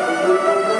Música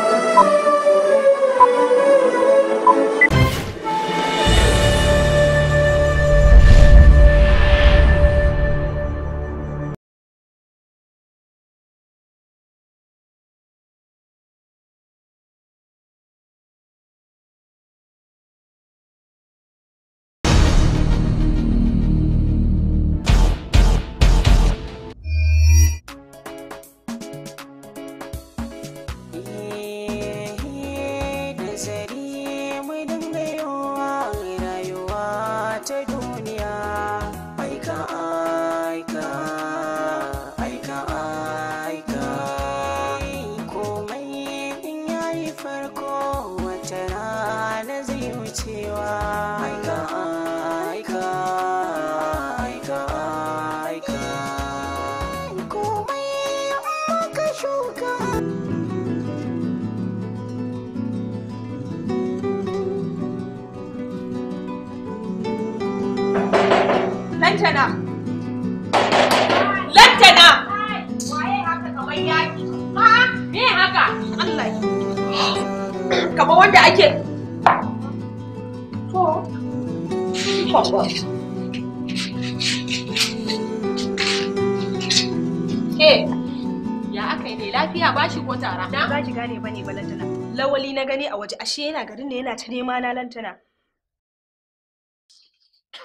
ba bashi ko tara. Na ba ki gane bane ba lantana. Lawali na gani a waje ashe yana garin ne yana ta nema na lantana.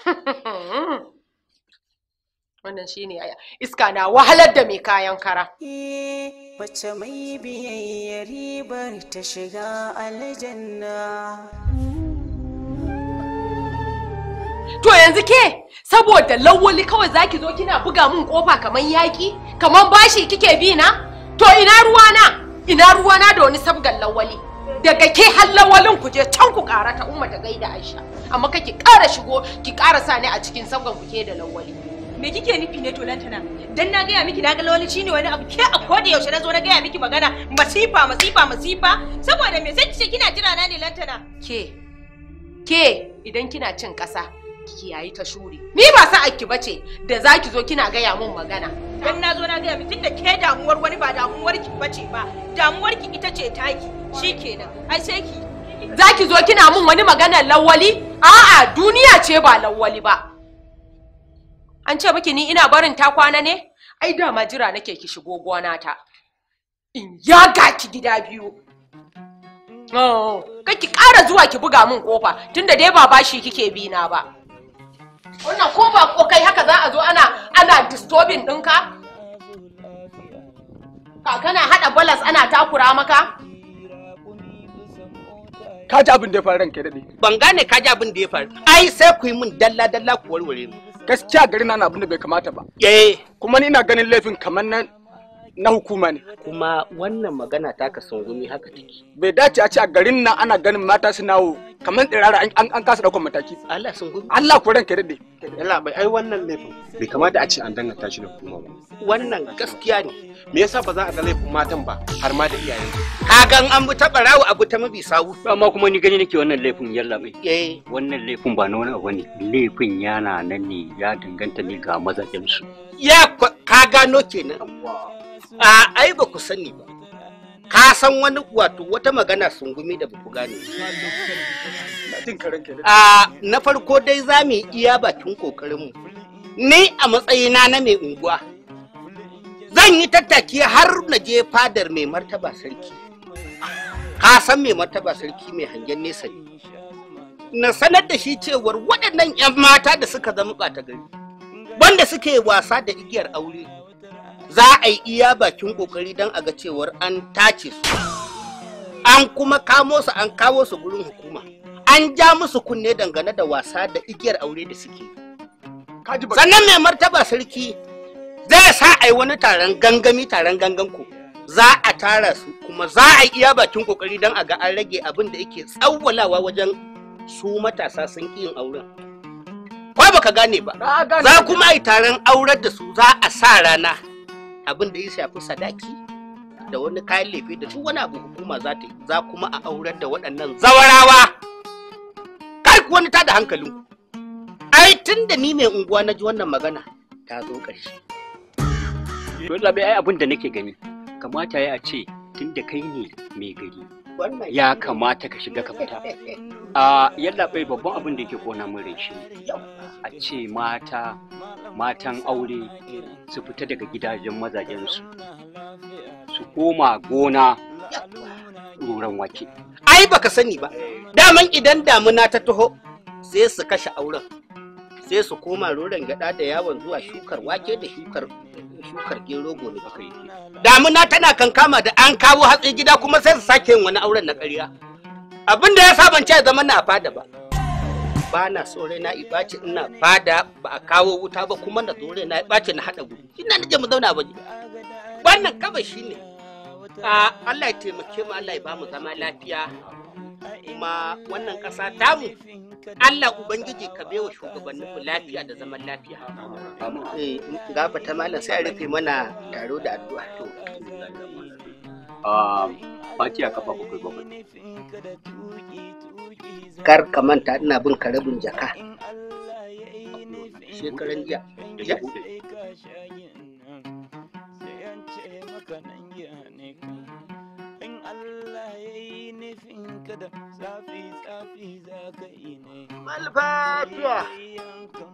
Wannan shi ne aya. Iska na wahalar da mai kayan kara. Mace e, mai biyayya ribar ta shiga aljanna. To yanzu ke saboda lawali kawai zaki zo kina buga mun kofa kamar yaki, kamar bashi kike bi na? to ina ruwana ina ruwa na da wani sabgan lawali daga ke har lawalin ku je can ku kara ta umma ta gaida aisha amma kake kara shigo ki kara sa ni a cikin sabgan ku ke da lawali me kike nufi ne to lantana dan na gaya miki na ga lawali shine wani abu ke a kodi yaushe na zo na gaya miki magana masifa masifa masifa saboda me sai kina jira na ne lantana ke ke idan kina cin kasa kiyayi ta shure ni ba sa'ar ki bace da zaki zo kina gaya mun magana in na zo na gaya miki da ke damuwar wani ba damuwar ki bace ba damuwar ki ita ce taki shikenan ai sai ki zaki zo kina mun wani magana lawali a'a duniya ce ba lawali ba an ce miki ni ina barin ta kwana ne ai dama jira nake ki shigo gona ta in yaga ki gida biyu Oh, ki ƙara zuwa ki buga min kofa tunda dai ba bashi kike bina ba. wannan ko ba ko kai haka za a zo ana ana disturbing ɗinka kana haɗa balas ana takura maka ka ji abin da ya faru ranka daɗe. Ban gane ka ji abin da ya faru. Ai sai ku yi min dalla dalla ku warware mu. Gaskiya gari na abin da bai kamata ba. Eh. Kuma ni ina ganin laifin kamar nan. na hukuma ne kuma wannan magana ta ka sungumi haka take bai dace a ce a garin nan ana ganin mata suna wo kamar tsirara an kasa daukan mataki Allah sungumi Allah ku ranka dade Allah bai ai wannan laifin bai kamata a ce an danganta shi da hukuma ba wannan gaskiya ne me yasa ba za a ga laifin matan ba har ma da iyaye. kagan an bi ta barawo a ta mabi sawu amma kuma ni gani nake wannan laifin yalla mai. eh wannan laifin ba na wani abu ne laifin yana nan ne ya danganta ne ga mazajen su ya ka gano kenan a ba ku sani ba ka san wani wato wata magana sungumi da ku gane a na farko dai za mu iya bakin kokarinmu ni a matsayina na mai unguwa zan yi tattaki har na je fadar mai martaba sarki ka san mai martaba sarki mai hangen nesa ne na sanar da shi cewar waɗannan 'yan mata da suka zama ɓata gari wanda suke wasa da igiyar aure za a yi iya bakin kokari don a ga cewar an tace su an kuma kamo su an kawo su gurin hukuma an ja musu kunne dangane da wasa da igiyar aure da suke sannan mai martaba sarki zai sa a yi wani taron gangami taron gangan ku za a tara su kuma za a yi iya bakin kokari don a ga an rage abin da yake tsawwalawa wajen su matasa sun ki yin auren ko baka gane ba za kuma yi taron aurar da su za a sa rana abin da ya shafi sadaki da wani kayan lefe da duk wani abu hukuma za ta yi za kuma a aurar da waɗannan zawarawa kar ku wani tada hankalin ku. ai tun da ni mai unguwa na ji wannan magana ta zo ƙarshe dole bai ai abin da nake gani kamata ya ce tun da kai ne mai gari ya kamata ka shiga ka fita a yalla bai babban abin da yake kona mun rai shi a ce mata matan aure su fita daga gidajen mazajensu su koma gona ruran wake ai baka sani ba daman idan damuna ta taho sai su kashe auren sai su koma roron gada da yawon zuwa shukar wake da shukar shukar gero gobe baka yi damuna tana kankama da an kawo hatsi gida kuma sai su sake yin wani auren na ƙarya abin da ya sabance zama na fada ba ba na so na, ibaci ina bada ba a kawo wuta ba kuma na so na, ibaci na haɗa gudu ina na je mu zauna ba wannan kaba shi ne Allah ya taimake mu Allah ya ba mu zama lafiya kuma wannan ƙasa tamu Allah Ubangiji ka wa shugabannin mu lafiya da zaman lafiya. Eh, gaba ta malam sai a rufe mana taro da addu'a to. Ah, Fatiya kafa bakwai bakwai. kar ka manta ina bin ka rabin jaka shekaran jiya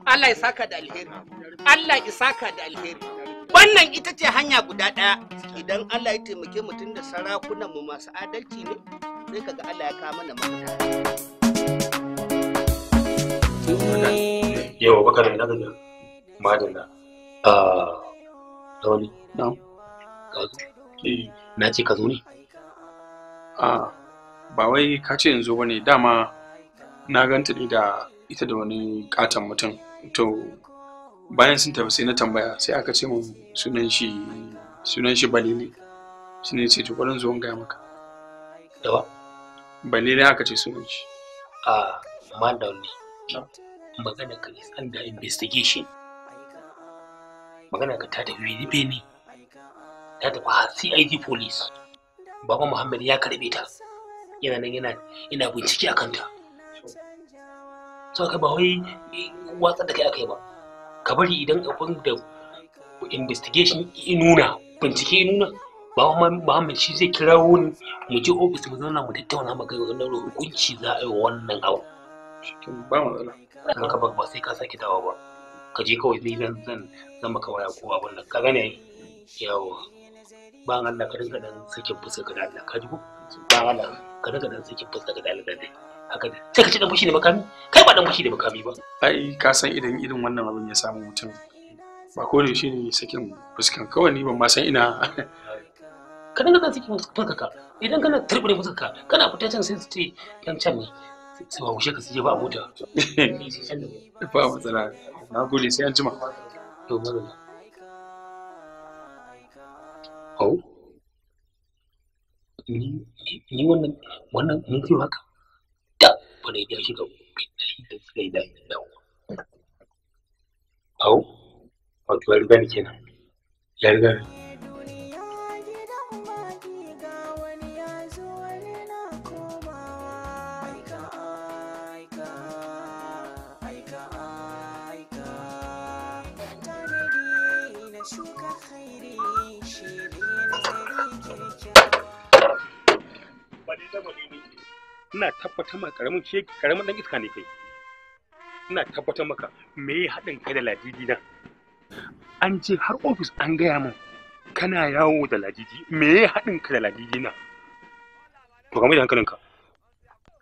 Allah ya saka da alheri Allah ya saka da alheri wannan ita ce hanya guda ɗaya idan Allah ya taimake mutum da sarakunanmu masu adalci ne sai kaga Allah ya kama na mata. Yau baka da ina gajiya. Madalla. Ah, Lawali. Na ce ka zo ne? A ah, ba wai ka ce yanzu ba ne dama na ganta ni da ita da wani katon mutum. To bayan sun tafi sai na tambaya sai aka ce mun sunan shi sunan shi balili shi ne ce to kwarin zuwan gaya maka dawa balili aka ce sunan shi a ah, mandal ne magana ka is under investigation magana ka ta tafi wani bene ta tafi har cid police baba muhammad ya karbe ta yana nan yana ina bincike akan ta sau ba wai eh, watsa da kai akai ba ka bari idan abin da investigation in nuna bincike in nuna ba muhammad shi zai kirawo ni mu je ofis mu zauna mu tattauna mu ga wannan hukunci za a yi wannan abu cikin ba matsala sai ka sake dawo ba ka je kawai ni zan zan zan maka waya ko abin nan ka gane yawa ba Allah ka dinga dan sakin fuska ga Allah ka ji ko ba Allah ka dinga dan sakin fuska ga Allah haka da sai ka ci dan fushi makami kai ba dan fushi da makami ba ai ka san idan irin wannan abin ya samu mutum ba ko shi ne sakin fuskan kawai ni ban ma san ina ka dinga dan sakin fuska ka idan kana turbure fuska ka kana fita can sai su ce can ne sai haushe ka sai ba a mota ba matsala na gode sai an jima to mara hau ni wannan wannan mun fi haka da bane da shi ga da suka yi da da. hau wato ya riga ni kenan ya riga ni ina tabbatar maka karamin ce karamin dan iska ne kai ina tabbatar maka me ya haɗin kai da ladidi nan an ce har ofis an gaya min kana yawo da ladidi me ya haɗin ka da ladidi nan to kamar da hankalinka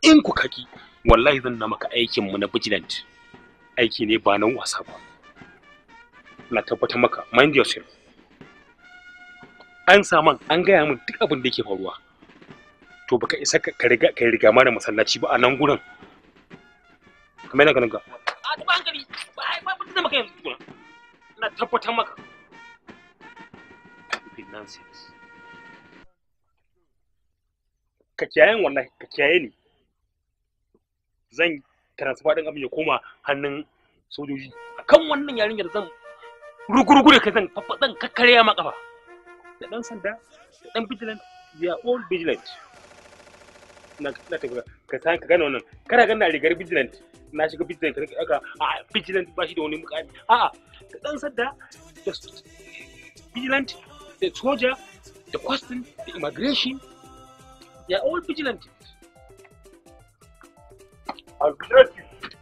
in ku kaki wallahi zan na maka aikin mu na vigilant aiki ne ba na wasa ba na tabbatar maka mind yourself an saman an gaya min duk abin da yake faruwa to baka isa ka riga ka riga mana masallaci ba a nan gurin kamar yana ganin ka a ta hankali ba ai ba mutum maka yanzu gurin ina tabbatar maka finances ka kiyaye wallahi ka kiyaye ni zan transfer din abin ya koma hannun sojoji akan wannan yarinyar zan rugurugu da kai zan zan kakkarya ma da dan sanda da dan vigilant we are all vigilant na na tafi ka san ka gane wannan kana gane rigar vigilant na shiga vigilant ka aka a vigilant ba shi da wani mukami a a ka dan sadda da vigilant da soja da custom da immigration they are all vigilant I'll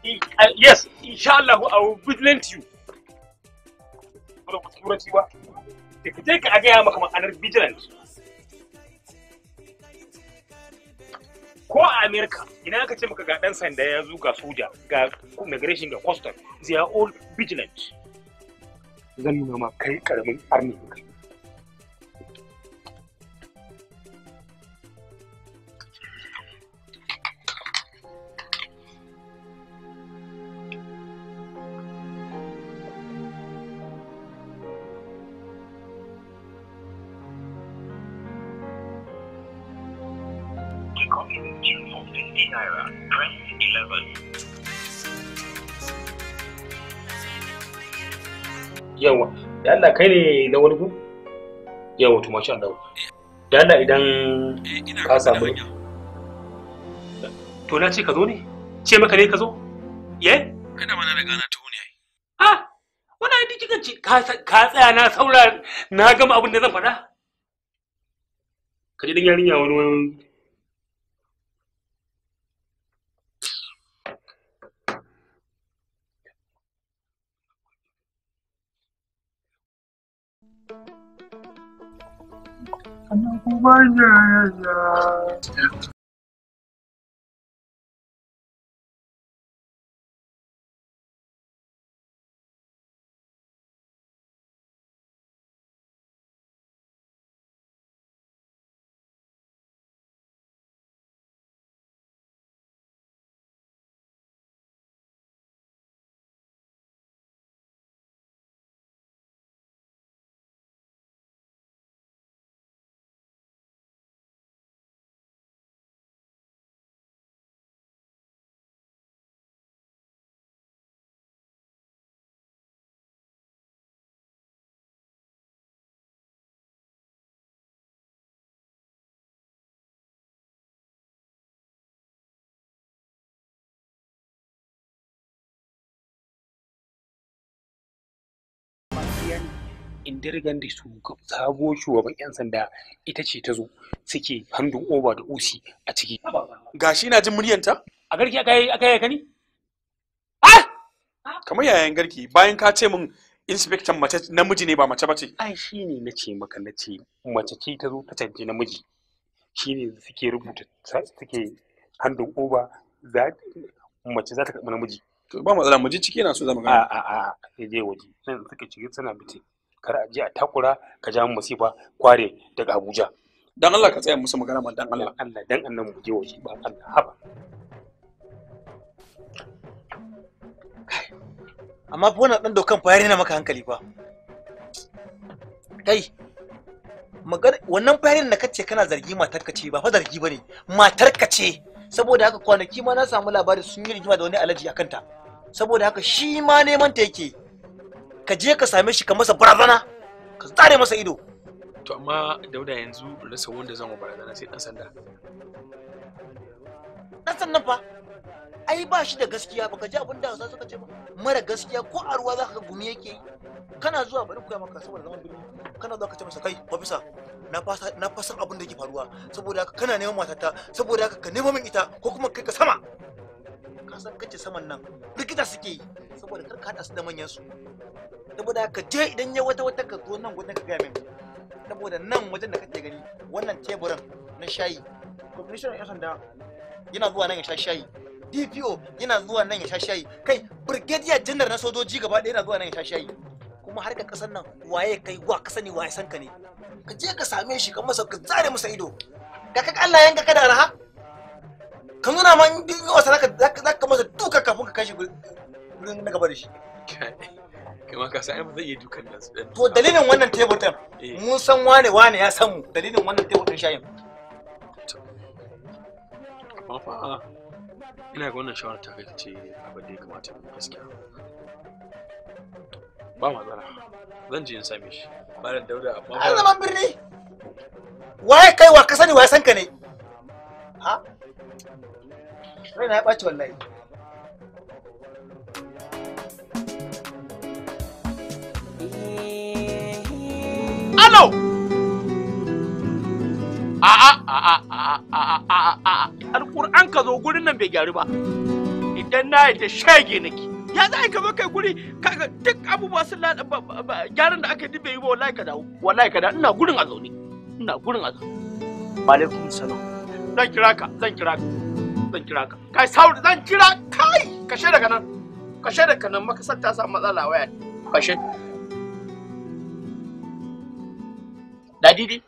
you. Uh, yes, inshallah, I will vigilante you. Ba ku turanci ba. Ka je ka a gaya maka ma'anar vigilant. ko a amerika idan aka ce maka ga dan sanda ya zo ga soja ga immigration ga custom they are all vigilant zan nuna ma kai karamin army Allah kai ne da wani gun yau wato masha Allah da Allah idan eh, ka samu to na ce ka zo ne ce maka ne ka zo ye kada mana da gana tuhu ne Ha? Wani da kika ce ka tsaya na saura na gama abin da zan faɗa ka ji dan yarinya wani wani já. indirgan da su sabo shugaban 'yan sanda ita ce ta zo suke handun over da usi a ciki. Ga shi na jin muryanta? A garki aka yi aka yi kani? Kamar yayan garki bayan ka ce min inspector mace namiji ne ba mace ba ce. Ai shi ne na ce maka na ce mace ce ta zo ta canje namiji. Shi ne suke rubuta suke handun over za mace za ta karɓi namiji. To ba matsala mu ji ciki yana so zama mu a A'a a sai je waje. Sai suka ciki suna bitin. kar a je a takura ka ja masifa kware daga Abuja dan Allah ka tsaya musu magana man dan Allah Allah dan annan mu je waje ba Allah haba amma fa wannan dan dokan fa na maka hankali fa kai wannan fayarin da kace kana zargi ka ce ba fa zargi bane ka ce saboda haka kwanaki ma na samu labari sun yi rigima da wani alaji akan ta saboda haka shi ma neman ta yake ka je ka same shi ka masa barazana ka tsare masa ido to amma dauda yanzu rasa wanda zan wa barazana sai dan sanda dan sanda fa ai ba shi da gaskiya baka ji abin da suka ce ba mara gaskiya ko a ruwa ka ga gumi yake yi kana zuwa bari koya maka saboda zaman birni kana zuwa ka ce masa kai ofisa na fasa na fasa abin da yake faruwa saboda haka kana neman matata saboda haka ka nema min ita ko kuma kai ka sama ka san kace saman nan rikita suke yi saboda kar ka hada su da manyan su saboda ka je idan ya wata wata ka zo nan gudun ka gaya min saboda nan wajen da kake gani wannan teburin na shayi commissioner yan sanda yana zuwa nan ya sha shayi dpo yana zuwa nan ya sha shayi kai brigadier general na sojoji gaba ɗaya yana zuwa nan ya sha shayi kuma har ka kasan nan waye kai wa kasan ni waye san ka ne ka je ka same shi ka masa ka zare masa ido ga ka Allah yanka ka da raha ka nuna ma in yi wasa zaka masa duka kafin ka kashi gurin na gaba da shi kuma ka san ai ba zai iya dukan nan su to dalilin wannan tebur din eh. mun san wane wane ya san mu dalilin wannan tebur din shayin ba. fa ina ga wannan shawara ta kai ce abin da ya kamata mu gaskiya ba matsala zan je in same shi da dauda amma ba zaman birni waye kai wa ka sani waye san ka ne ha raina ya ɓaci wallahi Alo! A'a, a'a, a'a, a'a, a'a, alƙur'an ka zo gurin nan bai gyaru ba. Idan na yadda shage nake. Ya za a yi zo kai guri kaga duk abubuwa sun lada gyaran da aka yi bai yi ba wallahi ka dawo. Wallahi ka dawo ina gurin a zaune. Ina gurin a zaune. Alaikum salam. Zan kira ka, zan kira ka. Zan kira ka. Kai sauri zan kira kai. Kashe daga nan. Kashe daga nan makasar ta samu matsala waya. Kashe. Ladidi?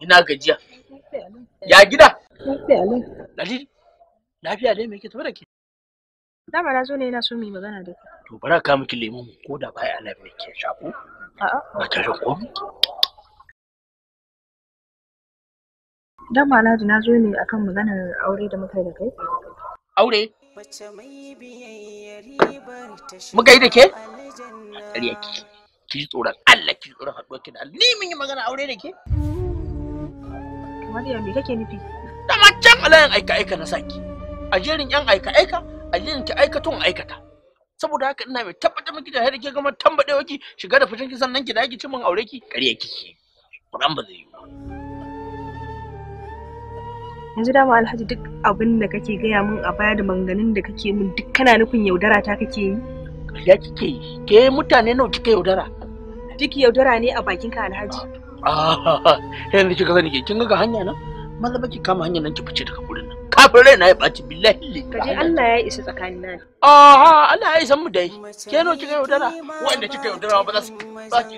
Ina gajiya. Ya gida? Ladidi? Lafiya ne me ke tafi da ke? Dama na zo ne ina so mu yi magana da kai. To bara ka miki lemon ko da baya ana me ke sha ko? A'a. Ba ta shan ko? Dama Alhaji na zo ne akan maganar aure da muka yi da kai. Aure? Muka yi da ke? Ƙarya ki ji tsoron Allah ki tsoron haɗuwar ki da alli ni mun yi magana aure da ke Mariya me kake nufi da macen alayin aika aika na saki a jerin yan aika aika a jerin ki aikatun aikata saboda haka ina mai tabbatar miki da haɗa ke gama tambadewa waki shiga da fitan ki sannan ki da ki ci mun aure ki kariya kike kuran ba zai yi ba yanzu dama alhaji duk abin da kake gaya min a baya da manganin da kake min duk kana nufin yaudara ta kake yi ya kike yi ke mutane nawa kike yaudara duk yaudara ne a bakin ka alhaji ah, yanzu kika sani ke kin ga hanya nan maza baki kama hanya nan ki fice daga gurin nan kafin rai na ya baci billahi ka Kaje Allah ya isa tsakanin nan. aha Allah ya isa mu dai ke no kika yaudara wanda kika yaudara ba za su ba ki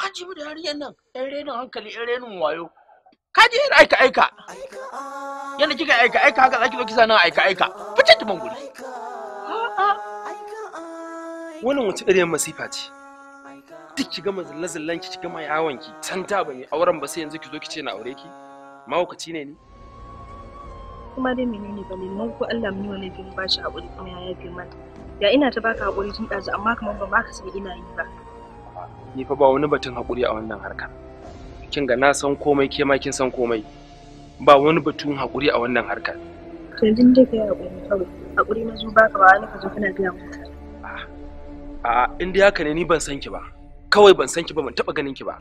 kaji mu da hariyan nan ɗan renin hankali ɗan renin wayo kaji yin aika aika yana kika aika aika haka za ki zo kisa nan aika aika fice ta manguri wannan wace irin masifa ce duk ki gama zallan ki ki gama yawon ki san ta bane auren ba sai yanzu ki zo ki ce na aure ki mahaukaci ne ni kuma dai menene bane ne ko Allah mu ne bin bashi hakuri kuma ya yafe mata ya ina ta baka hakuri tun ɗazu amma kamar ba ma ka san ina yi ba ni fa ba wani batun hakuri a wannan harkar kin ga na san komai ke ma kin san komai ba wani batun hakuri a wannan harkar to yanzu dai kai hakuri kawai hakuri na zo baka ba wani ka zo kana gaya mu A'a, in dai haka ne ni ban san ki ba kawai ban san ki ba ban taba ganin ki ba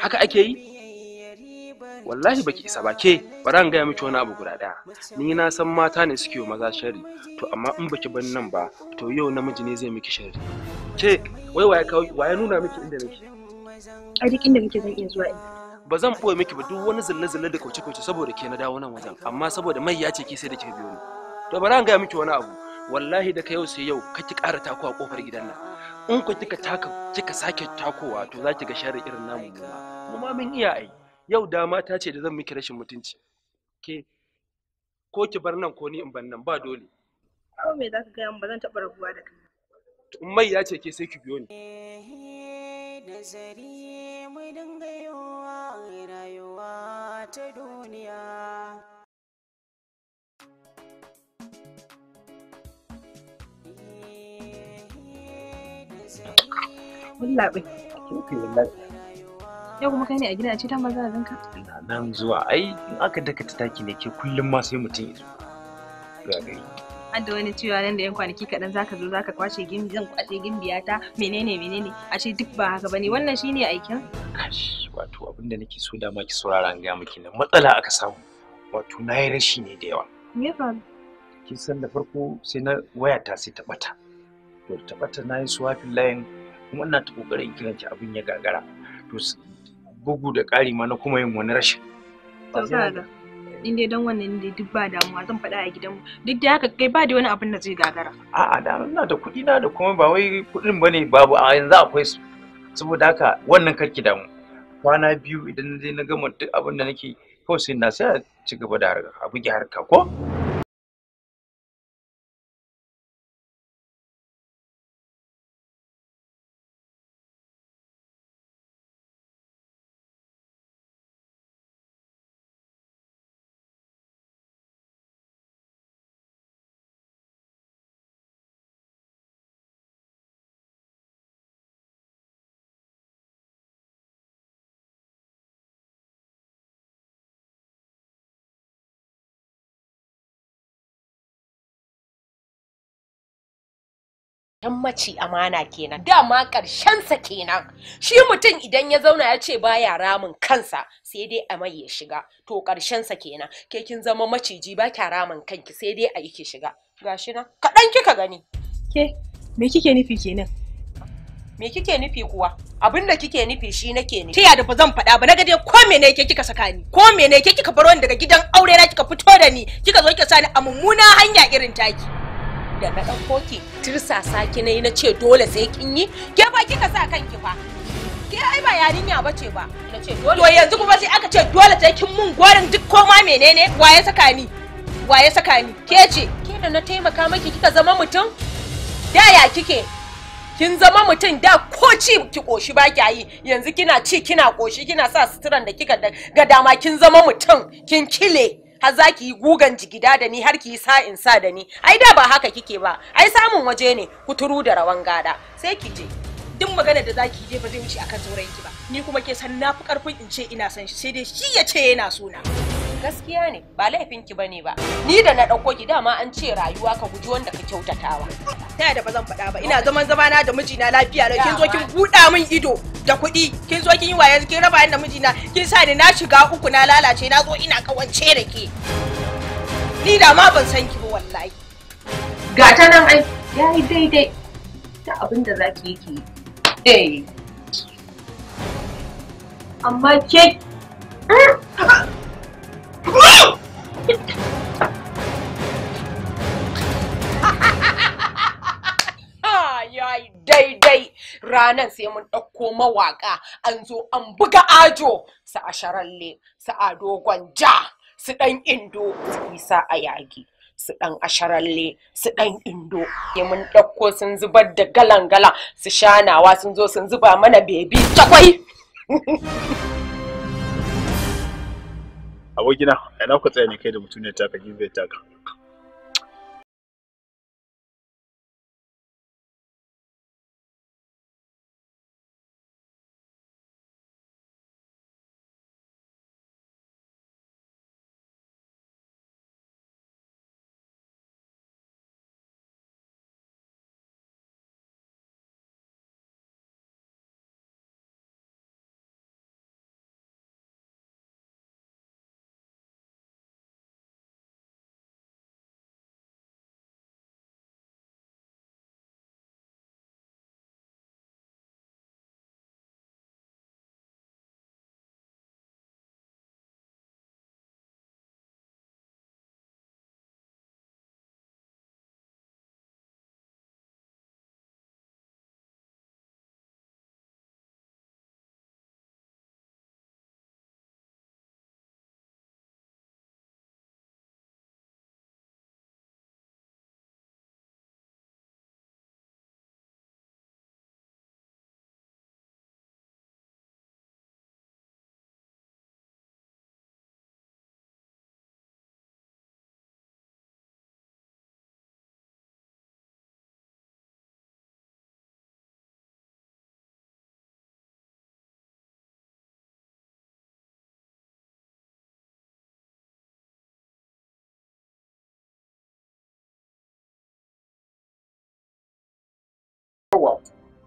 haka ake yi wallahi baki isa ba ke bara in gaya miki wani abu guda daya ni na san mata ne suke maza sharri to amma in baki ban nan ba to yau namiji ne zai miki sharri ke wai waya kawo waya nuna miki inda nake a duk inda muke zan iya zuwa in ba zan boye miki ba duk wani zulle zulle da kauce kauce saboda ke na dawo nan wajen amma saboda mai ya ce ki sai da ke biyo ni to bara in gaya miki wani abu wallahi da ka yau sai yau kake ƙara taku a kofar gidan nan in ku kika taka kika sake takowa to zaki ga sharri irin namu mu ma mun iya ai yau dama ta ce da zan miki rashin mutunci ke ko ki bar nan ko ni in bar nan ba dole ko me zaka ga ba zan taba rabuwa da kai mai ya ce ke sai ki biyo ni nazari mu dinga yawa rayuwa ta duniya Lallaɓe. Yau kuma kai ne a gida a ce tan banza zanka? Ina nan zuwa ai in aka daka ta taki ne ke kullum ma sai mutum ya zo. Ga gari. An da wani cewa nan da yan kwanaki kaɗan zaka zo zaka kwashe gimbi zan kwashe gimbiya ta menene menene a ce duk ba haka bane wannan shine aikin. Kash wato abinda nake so da ma ki saurara an ga miki nan matsala aka samu wato na yi rashi ne da yawa. Me faru? Kin san da farko sai na wayata sai ta bata. To ta bata na yi swapin layin kuma ina ta kokarin kiran ki abin ya gagara to bugu da ƙari ma na kuma yin wani rashin in dai dan wannan dai duk ba damuwa zan faɗa a gidanmu duk da haka kai ba da wani abin da zai gagara a'a da ina da kuɗi na da kuma ba wai kuɗin bane babu a yanzu akwai su saboda haka wannan karki damu kwana biyu idan na je na gama duk abin da nake kawai sai na sai a ci gaba da harka harka ko mace amana kenan dama sa kenan shi mutum idan ya zauna ya ce ya ramin kansa sai dai a mai ya shiga to sa kenan ke kin zama maciji ba kya ramin kanki sai dai a yi ki shiga gashi nan kaɗan kika gani ke me kike nufi kenan me kike nufi kuwa abin kike nufi shi nake ne ta da ba zan faɗa ba na dai ko mene yake kika saka ni ko mene yake kika baro ni daga gidan aure na kika fito da ni kika zo kika sa ni a mummuna hanya irin taki da na dan koke tirsasa ki nayi na ce dole sai kin yi ke ba kika sa kanki ba ke ai ba yarinya bace ba na ce dole yanzu kuma sai aka ce dole sai kin mun gorin duk koma menene waye saka ni waye saka ni ke ce ke da na taimaka maki kika zama mutum da ya kike kin zama mutum da ko ci ki koshi ba ki yi yanzu kina ci kina koshi kina sa suturan da kika ga dama kin zama mutum kin kile har za ki yi gugan jigida da ni har ki yi sa in sa da ni ai da ba haka kike ba ai samun waje ne kuturu da rawan gada sai ki je duk magana da zaki je ba zai wuce akan saurayinki ba ni kuma ke san na fi karfin in ce ina san shi sai dai shi ya ce yana suna. Gaskiya ne, ba laifinki bane ba. Ni da na ɗauko ki dama an ce rayuwa ka guji wanda ka kyautatawa. Ta da ba zan faɗa ba, ina zaman zamana da mijina lafiya lau kin zo kin buɗa min ido da kuɗi, kin zo kin yi waye kin raba ni da mijina, kin sa ni na shiga uku na lalace na zo ina kawance da ke. Ni da ma ban san ki ba wallahi. Ga ta nan ai, yayi daidai ta abin da zaki yake. Eh. Amma ke yayi daidai ranar sai mun ɗauko mawaƙa an zo an buga ajo su a su a dogon ja su ɗan indo su isa a yagi su ɗan asharalle su ɗan indo sai mun ɗauko sun zubar da galan-galan su shanawa sun zo sun zuba mana bebi takwai abokina ina ku tsaya ne kai da mutum mutuniyar taka gizo taka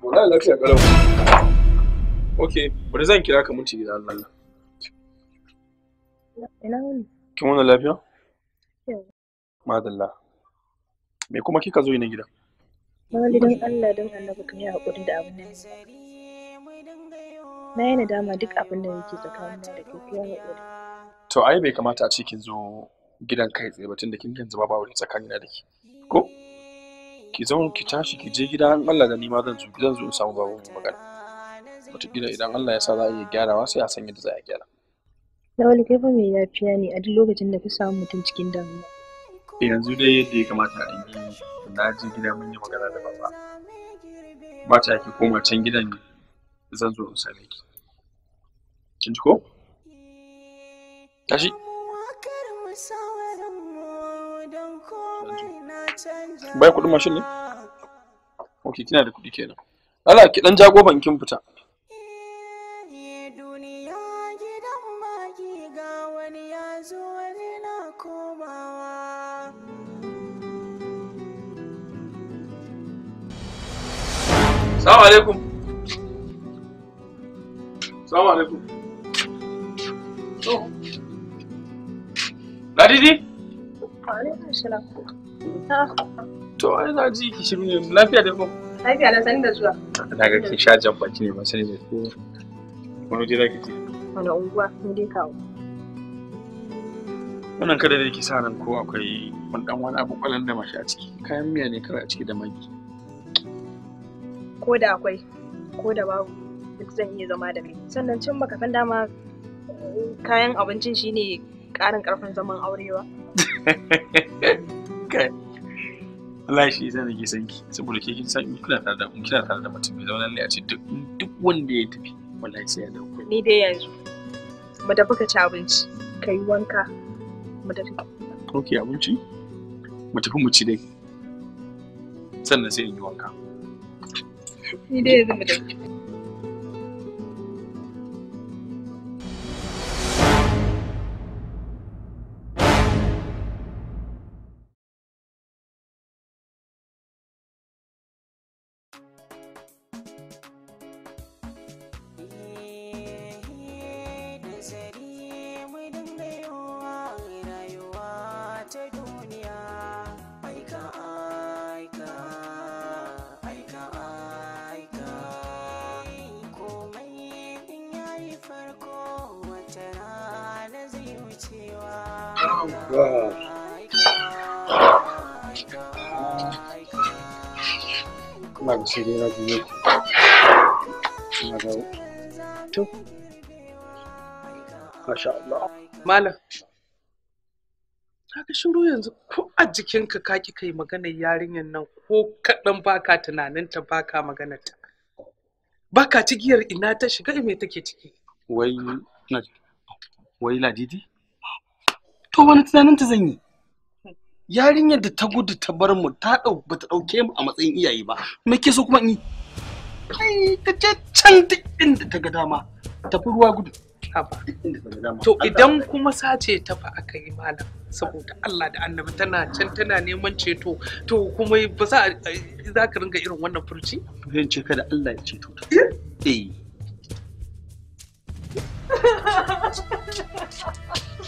Wallahi lafiya kalau. Okay, bari zan kira ka minti gida Allah. Ina wuni? Kin wani lafiya? Madalla. Me kuma kika zo na gida? Wani don Allah don Annabi ka yi haƙuri da abin da Na yi nadama duk abin da yake tsakanin da ke kiyaye haƙuri. To ai bai kamata a cikin kin zo gidan kai tsaye ba tunda kin ganzu ba ba wani tsakanina da ke. Ko? ki zo ki tashi ki je gida an Allah da nima zan zo zan zo in samu babu magana wataƙila idan Allah ya sa za a iya gyarawa sai a san yadda za a gyara Lawal kai fa mai yafiya ne a duk lokacin da ka samu mutum cikin damuwa yanzu dai yadda ya kamata a yi na je gida mun yi magana da baba ba ta ki koma can gidan ne, zan zo in same ki kin ji ko tashi bai kuɗin mashin ne ok kina da kuɗi kenan Allah ki dan jago ban kin fita Salamu alaikum. Salamu alaikum. So, Ladidi? shirin. To ai na ji ki shiru ne lafiya da ko. Lafiya da san da zuwa. Na ga kin sha jan baki ne ba sai ne ko wani jira kike. Wani unguwa ni dai kawo. Wannan kada da yake sa nan ko akwai wani dan wani abu kwalan da mashi a ciki. Kayan miya ne kawai a ciki da magi. Ko da akwai ko da babu duk zan iya zama da kai. Sannan cin baka san dama kayan abincin shine ƙarin ƙarfin zaman aurewa. Allah shi zai nake san ki saboda ke kin san kina tare da kina tare da mutum mai zaunan ne a ce duk duk wanda ya tafi wallahi sai ya dauko ni dai yanzu mu tafi ka ci abinci ka yi wanka mu tafi okay abinci mu tafi mu ci dai sannan sai in yi wanka ni dai yanzu mu tafi Oh, God. na biyu. Ina Kaga shiru yanzu ko a jikinka kika kai maganar yarinyar nan ko kaɗan baka tunaninta baka maganarta. Baka cigiyar ina ta shiga me take ciki. Wai wai ladidi? to wani tunanin ta zan yi hmm. yarinyar da ta gudu ta bar mu ta dau bata dauke mu a matsayin iyaye ba me ke so kuma in yi kai ta je can duk inda ta ga dama ta fi ruwa gudu To idan kuma sace ta fa aka yi malam saboda Allah da annabi tana can tana neman ceto to kuma ba za za ka ringa irin wannan furci? Zan ce kada Allah ya ceto ta. Eh. eh.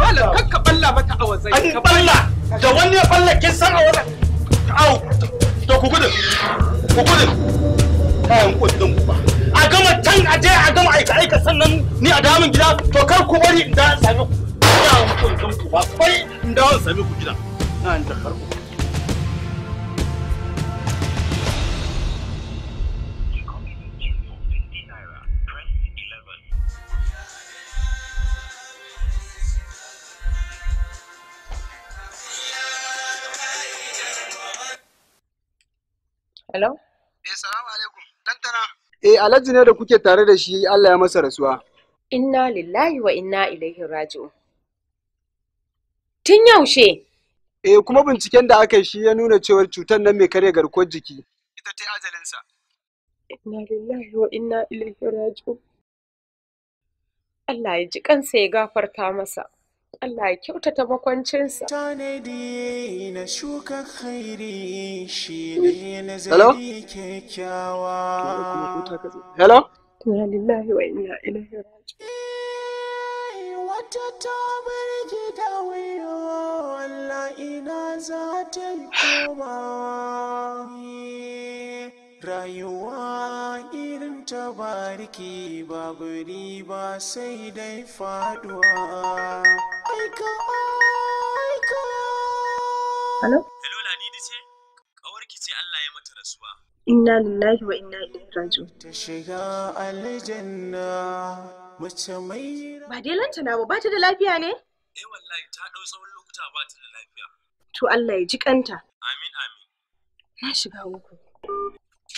Malam kan ka balla mata a wazai. An balla da wani ya balla kin san a wazai. Au to ku gudun. Ku gudun. Kayan kudin ku ba. A gama can a je a gama aika aika sannan ni a damun gida to kar ku bari in da sami ku. Kayan kudin ku ba. Kai in da sami ku gida. Na in da karku. Hello? Eh, salamu alaikum. Tantana. Eh, Alhaji ne da kuke tare da shi Allah ya masa rasuwa. Inna lillahi wa inna ilaihi raji'un. Tun yaushe? Eh, kuma binciken da aka yi shi ya nuna cewar cutar nan mai karya garkuwar jiki. Ita ta ajalinsa. Inna lillahi wa inna ilaihi raji'un. Allah ya ji kansa ya gafarta masa. Allah ya kyautata makwancinsa. Tanadi na shuka khairi shi hmm. Hello? lillahi wa inna ilaihi Wata ta gida wayo wallahi ina za rayuwa irin ta bariki babu riba sai dai faduwa aika aika Hello? Hello Ladidi ce? Kawarki ce Allah ya mata rasuwa. Inna lillahi wa inna ilaihi raji'un. Ta shiga aljanna mace mai Ba dai lantana ba, ba ta da lafiya ne? Eh wallahi ta dau tsawon lokuta ba ta da lafiya. To Allah ya ji kanta. Amin amin. Na shiga uku.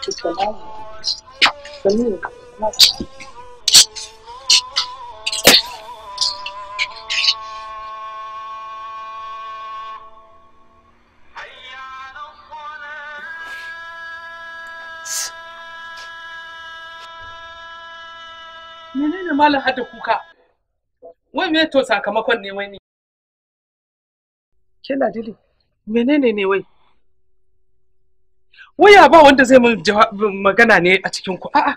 menene malam hada kuka wai me to sakamakon ne wai ne ke ladili menene ne wai waya ba wanda zai mun magana ne a cikin ku a'a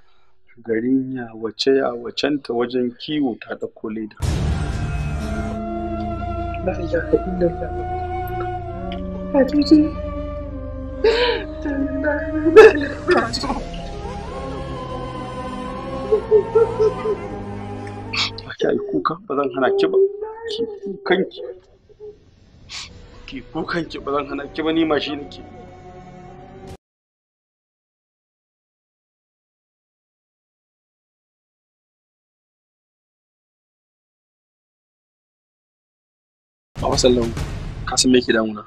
garin ya wace ya ta wajen kiwo ta da leda la Ki yi kuka ba zan hana ki ba ki kukanki ki kukanki ba zan hana ki ba ni ma shi nake wasallam ka san me yake damuna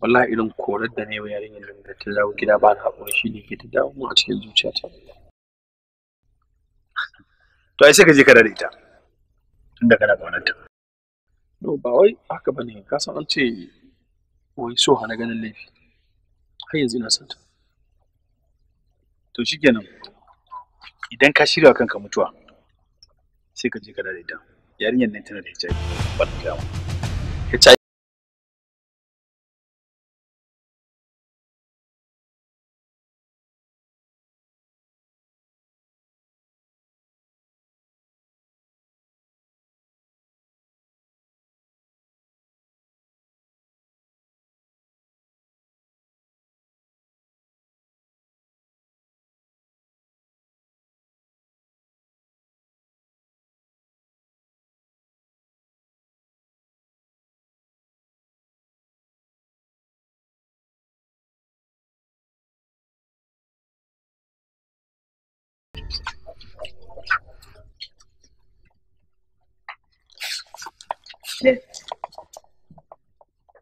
wallahi irin korar da ne wa yarinyar yin da ta dawo gida ba na haƙuri shi ne ke ta dawo mu a cikin zuciyata to ai sai ka je ka da ita tunda kana ƙaunar ta no ba wai haka bane ka san an ce wai so hana ganin laifi har yanzu ina son ta to shikenan idan ka shirya kanka mutuwa sai ka je ka da ita yarinyar nan tana da HIV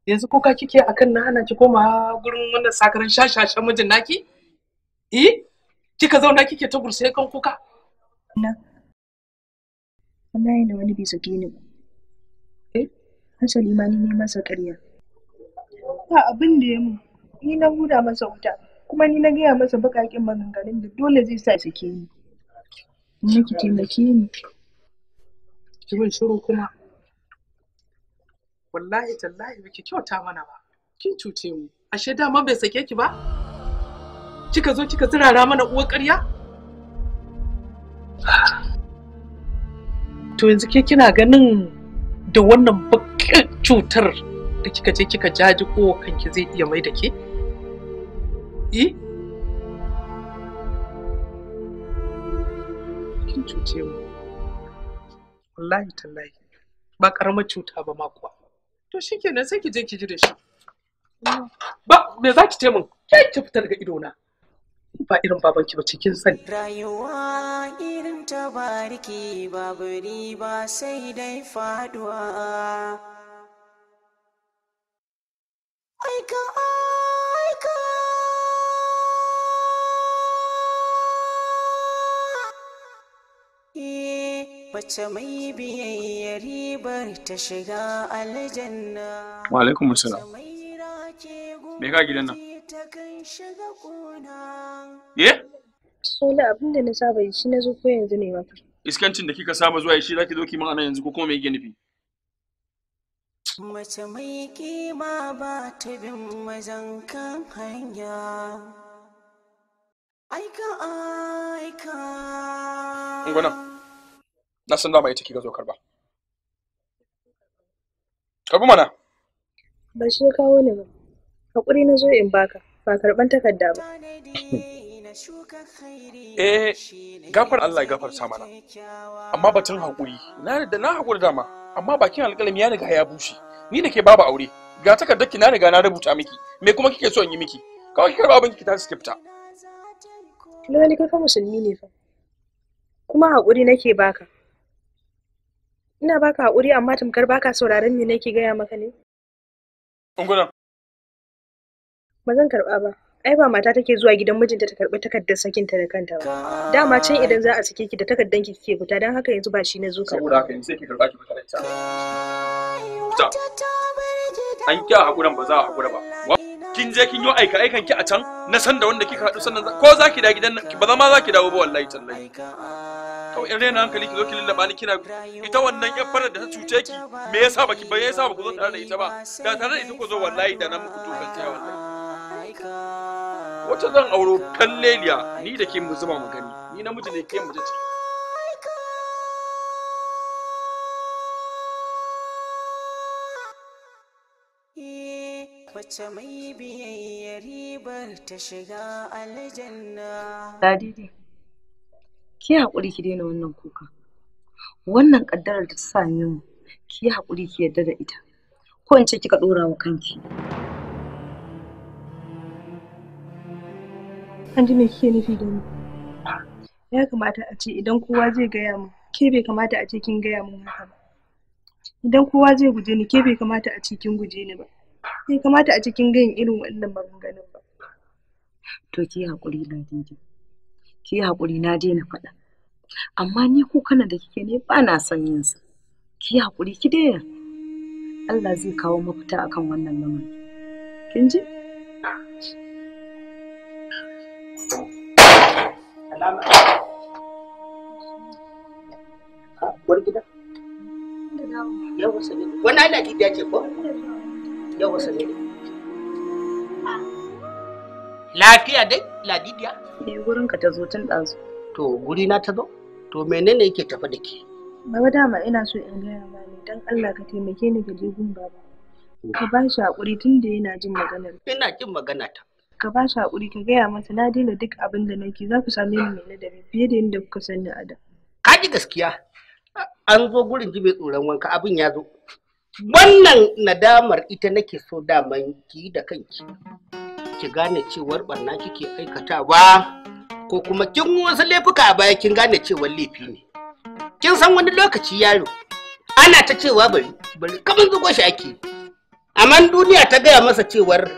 yanzu kuka kike akan na hana ki koma gurin wannan sakarin shashashan mijin naki? Eh? Kika zauna kike ta gurse kan kuka? Na. Wallahi da wani bai sake ni ba. Eh? Hasali ma ni ne masa ƙarya. Ba abin da ya mu. Ni na huda masa wuta, kuma ni na gaya masa baƙaƙin maganganun da dole zai sa ke ni. kuma ki taimake ni ki min shiru kuma wallahi tallahi baki kyauta mana ba kin cuce mu ashe dama bai sake ki ba kika zo kika tsirara mana uwar ƙarya to yanzu ke kina ganin da wannan bakin cutar da kika je kika jaji ko kanki zai iya mai da ke eh kin cuce mu wallahi tallahi ba karamar cuta ba ma kuwa to shikenan sai ki je ki ji da shi ba me za ki ce min kai ki fitar ga na? ba irin babanki ba cikin sani. Rayuwa irin tabariki babari ba sai dai faduwa. Aika aika Mace mai biyayya ribar ta shiga aljanna. Wa alaikum assalam. Me ka gidan nan? Ye? Sola abin da na saba shi na zo ko yanzu ne ba. Iskancin da kika saba zuwa shi zaki zo ki min yanzu ko kuma mai yake Mace mai kima ba ta bin wajen kan hanya. Aika aika. Ngwana. na san dama ita kika zo karba karbi mana ba shi ya kawo ni ba hakuri na zo in baka ba karban takarda ba eh gafar Allah gafarta mana amma batun hakuri na da na hakuri dama amma bakin alƙalami ya riga ya bushe ni da ke babu aure ga takardar ki na riga na rubuta miki me kuma kike so in yi miki kawai ki karba abin ki ta skipta lalle ka musulmi ne fa kuma hakuri nake baka ina baka haƙuri amma tamkar baka sauraron me nake gaya maka ne ungudan ba zan karɓa ba ai ba mata take zuwa gidan mijinta ta karɓi takardar sakinta da kanta ba dama can idan za a sake ki da takardar ki kike fita don haka yanzu ba shi na zo ka saboda haka yanzu sai ki karba ki fita da an kya hakuran ba za a haƙura ba kin je kin yi aika aikan ki a can na san da wanda kika haɗu sannan ko za ki da gidan nan ba zama za ki dawo ba wallahi tallahi kawai in raina hankali ki zo ki lallaba ni kina ita wannan yar farar da ta cuce ki me yasa baki ba yasa ba ku zo tare da ita ba da tare da ita ku zo wallahi da na muku dokanta wallahi wata zan auro kalleliya ni da ke mu zama mu gani ni namiji ne ke mu ciki? Mace mai biyayya ribar ta shiga aljanna. Ladidi, ki haƙuri ki daina wannan kuka. Wannan ƙaddarar da ta same mu, ki yi haƙuri ki yarda da ita. Ko in ce kika ɗora wa kanki. An ji me kike nufi da mu? Ya kamata a ce idan kowa zai gaya mu, ke bai kamata a ce kin gaya mun haka ba. Idan kowa zai guje ni, ke bai kamata a ce kin guje ni ba. bai kamata a cikin gayin irin wannan maganganun ba to ki haƙuri Ladidi ki haƙuri na na faɗa amma ni kana da kike ne ba na son yin sa ki haƙuri ki daina Allah zai kawo mafita akan wannan lamarin kin ji Wani gida? Wani Allah gida ce ko? Yau yawa sani lafiya dai ladidiya ne eh, gurin ka ta zo tun ɗazu to guri na ta zo to menene yake tafi da ke baba dama ina so in gaya ma ne dan Allah ka taimake ni ka je gun baba ka ba shi hakuri tun da yana jin maganar ina jin magana ta ka ba shi hakuri ka gaya masa na daina duk abin da nake za ku same ni mai ladabi fiye da yadda kuka sani a da ka ji gaskiya an zo gurin jibe tsoron wanka abin ya zo wannan nadamar ita nake so daman ki da kanki ki gane cewar barna kike aikatawa ko kuma kin wasu laifuka a baya kin gane cewar laifi ne kin san wani lokaci yaro ana ta cewa bari bari kaman zugo shi ake amma duniya ta gaya masa cewar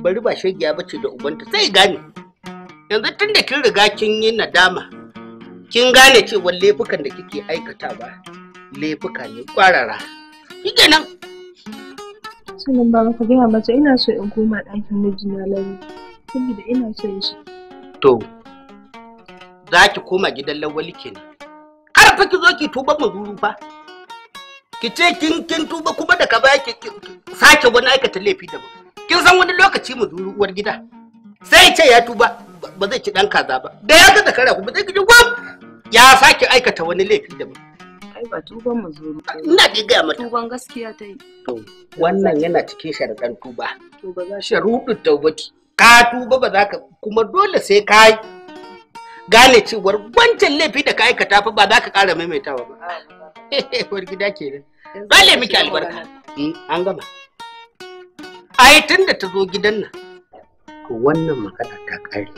bari ba shegiya bace da ubanta sai gane yanzu tun da kin riga kin yi nadama kin gane cewar laifukan da kike aikatawa laifuka ne kwarara kenan. sannan ba ka gaya masa ina so in koma ɗakin mijina lauri saboda ina son shi to za ki koma gidan lawali kenan kar fa ki zo ki tuba mazuru fa ki ce kin kin tuba kuma da ka ba ki sake wani aikata laifi daban kin san wani lokaci mu uwar gida sai ce ya tuba ba zai ci ɗan kaza ba da ya ga da kara kuma zai ji gwam ya sake aikata wani laifi daban ai ba tuban mu zo ina ji ga mata tuban gaskiya ta yi to wannan yana cikin sharaɗan tuba to ba za sharuɗin taubati ka tuba ba za ka kuma dole sai ka gane cewar wancan laifi da ka aikata fa ba za ka ƙara maimaitawa ba uwar gida kenan dole miki albarka hmm, an gama ai tun da ta zo gidan nan to wannan magana ta ƙare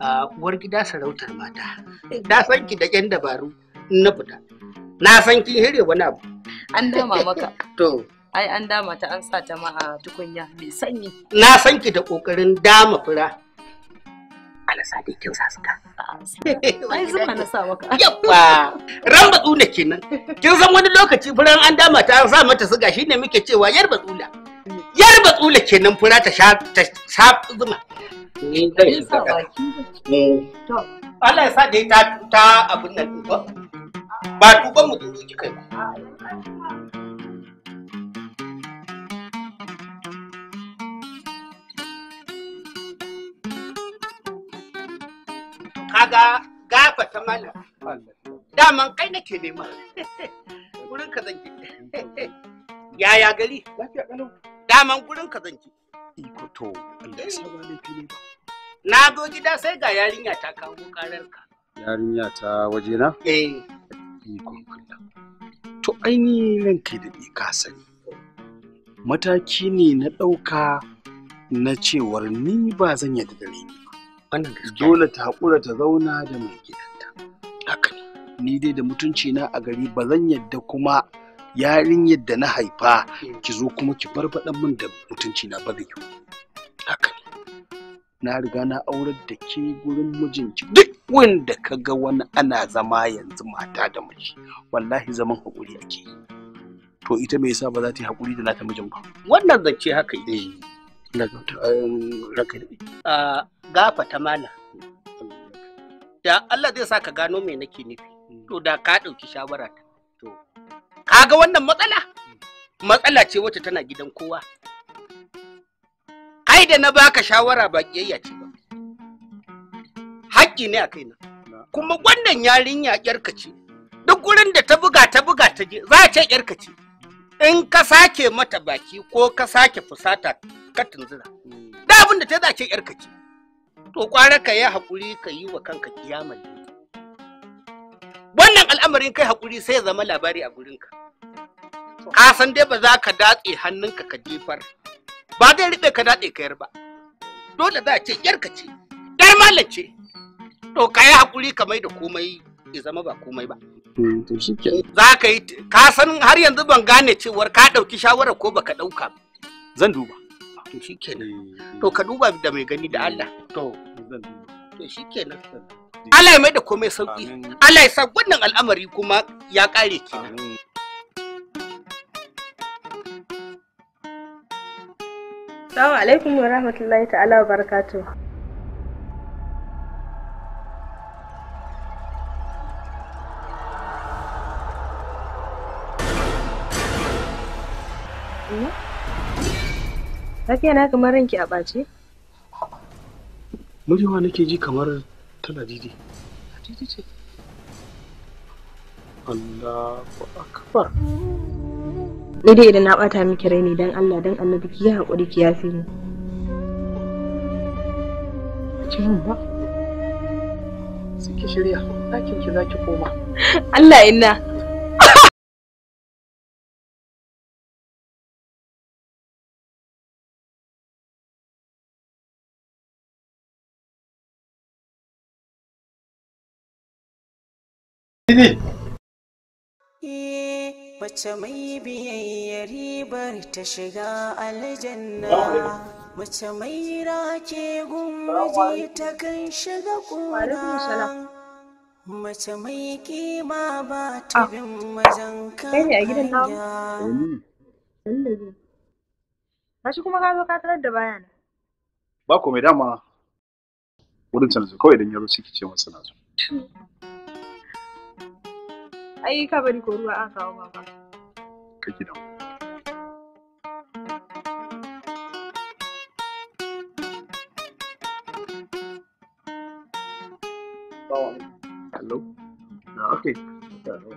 ah, uwar gida sarautar mata da san ki da yan dabaru na fita na san kin hire wani abu an dama maka to ai an dama ta an sa jama'a ma a tukunya mai sanyi na san ki da kokarin dama fura ana sa dai kin sa suka ai zuma na sa maka yabba ran batsuna kenan kin san wani lokaci furan an dama ta an sa mata suga shine muke cewa yar batsula yar batsula kenan fura ta sha ta sha zuma ni zai sa baki mm. to Allah ya sa dai ta ta abin nan ko. ba duban mu duro kai ba kaga gafa ta mana daman kai nake nema gurin ka zan yaya gari daman gurin ka zanki. iko to Allah ne ba na zo gida sai ga yarinya ta kawo karar ka yarinya ta waje na eh ikon Allah. To ainihin kai da ka sani. Mataki ne na ɗauka na cewar ni ba zan yadda da ni ba. Dole ta haƙura ta zauna da mai gidanta. Haka Ni dai da mutunci na a gari ba zan yadda kuma yarinyar da na haifa hmm. ki zo kuma ki farfaɗa min da mutunci na ba da Haka ne. na riga na aurar da ke gurin mijinki duk wanda ka ga wani ana zama yanzu mata da miji wallahi zaman haƙuri ake yi to ita me yasa ba za ta yi haƙuri da nata mijin ba wannan zance haka eh, eh ranka da gafa ta mana da Allah zai sa ka gano me nake nufi to da ka ɗauki shawara ta to kaga wannan matsala hmm. matsala ce wacce tana gidan kowa da na baka shawara ba kiyayya ce ba haƙƙi ne a kaina kuma wannan yarinya yarka ce duk gurin da ta buga ta buga ta je za a ce yarka ce in ka sake mata baki ko ka sake fusata ka tunzura hmm. da abin da ta za a ce yarka ce to kwara ka yi haƙuri ka yi wa kanka kiyamar wannan al'amarin kai haƙuri sai ya zama labari a gurinka ka san dai ba za ka datse hannunka ka jefar ba zai riɓe ka daɗe ka yar ba dole za a ce yarka ce ɗar malam ce to ka yi haƙuri ka mai da komai ya zama ba komai ba hmm, za ka yi ka san har yanzu ban gane cewar ka ɗauki shawara ko baka ɗauka zan duba to shikenan to ka duba da mai gani da Allah to zan duba to shikenan Allah ya mai da komai sauki Allah ya sa wannan al'amari kuma ya ƙare kenan Assalamu alaikum wa rahmatullahi ta'ala wa barakatuh. Lafiya na kamar ranki a ɓace? Muryawa nake ji kamar tana didi. Didi ce. Allahu akbar. ni dai idan na bata miki rai ne dan Allah dan annabi ki hakuri ki yafi ni Allah inna Mace mai biyayyar ribar ta shiga aljanna. Mace mai rake gumji ta kan shiga kuna. Mace mai kima ba ta ah. bin wajen kanya. Kashi kuma ka zo ka tarar da bayana. Ba komai dama wurin canzu kawai don yaro suke ce masu nasu. ai ka bari ko ruwa a kawo baba ka gidan Hello. Okay.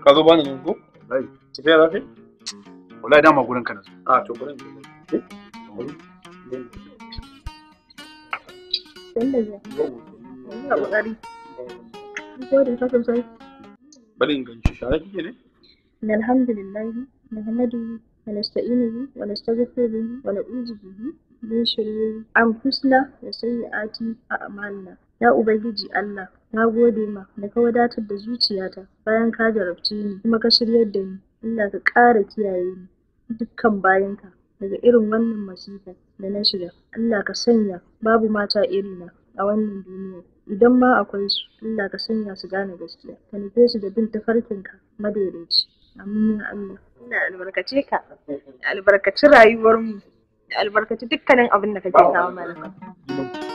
Ka zo bani nan ko? Lai. Tafiya lafiya? Wallahi dama gurin ka na zo. Ah to gurin. Eh? da ya. Ina kokari. Ko da ka sosai. bari in ganci shara kike ne إن الحمد لله نحمده ونستعينه ونستغفره ونعوذ به من شرور أنفسنا وسيئات أعمالنا يا أبيجي الله na gode ma da ka wadatar da zuciyata bayan ka jarabce ni kuma ka shiryar da ni Allah ka ƙara kiyaye ni dukkan bayanka daga irin wannan masifa da na shiga Allah ka sanya babu mata irina a wannan duniyar idan ma akwai su Allah ka sanya su gane gaskiya ka nufe su da bin tafarkinka madaidaici amin Allah ina albarkace ka albarkaci rayuwarmu da albarkaci dukkanin abin da kake kawo mana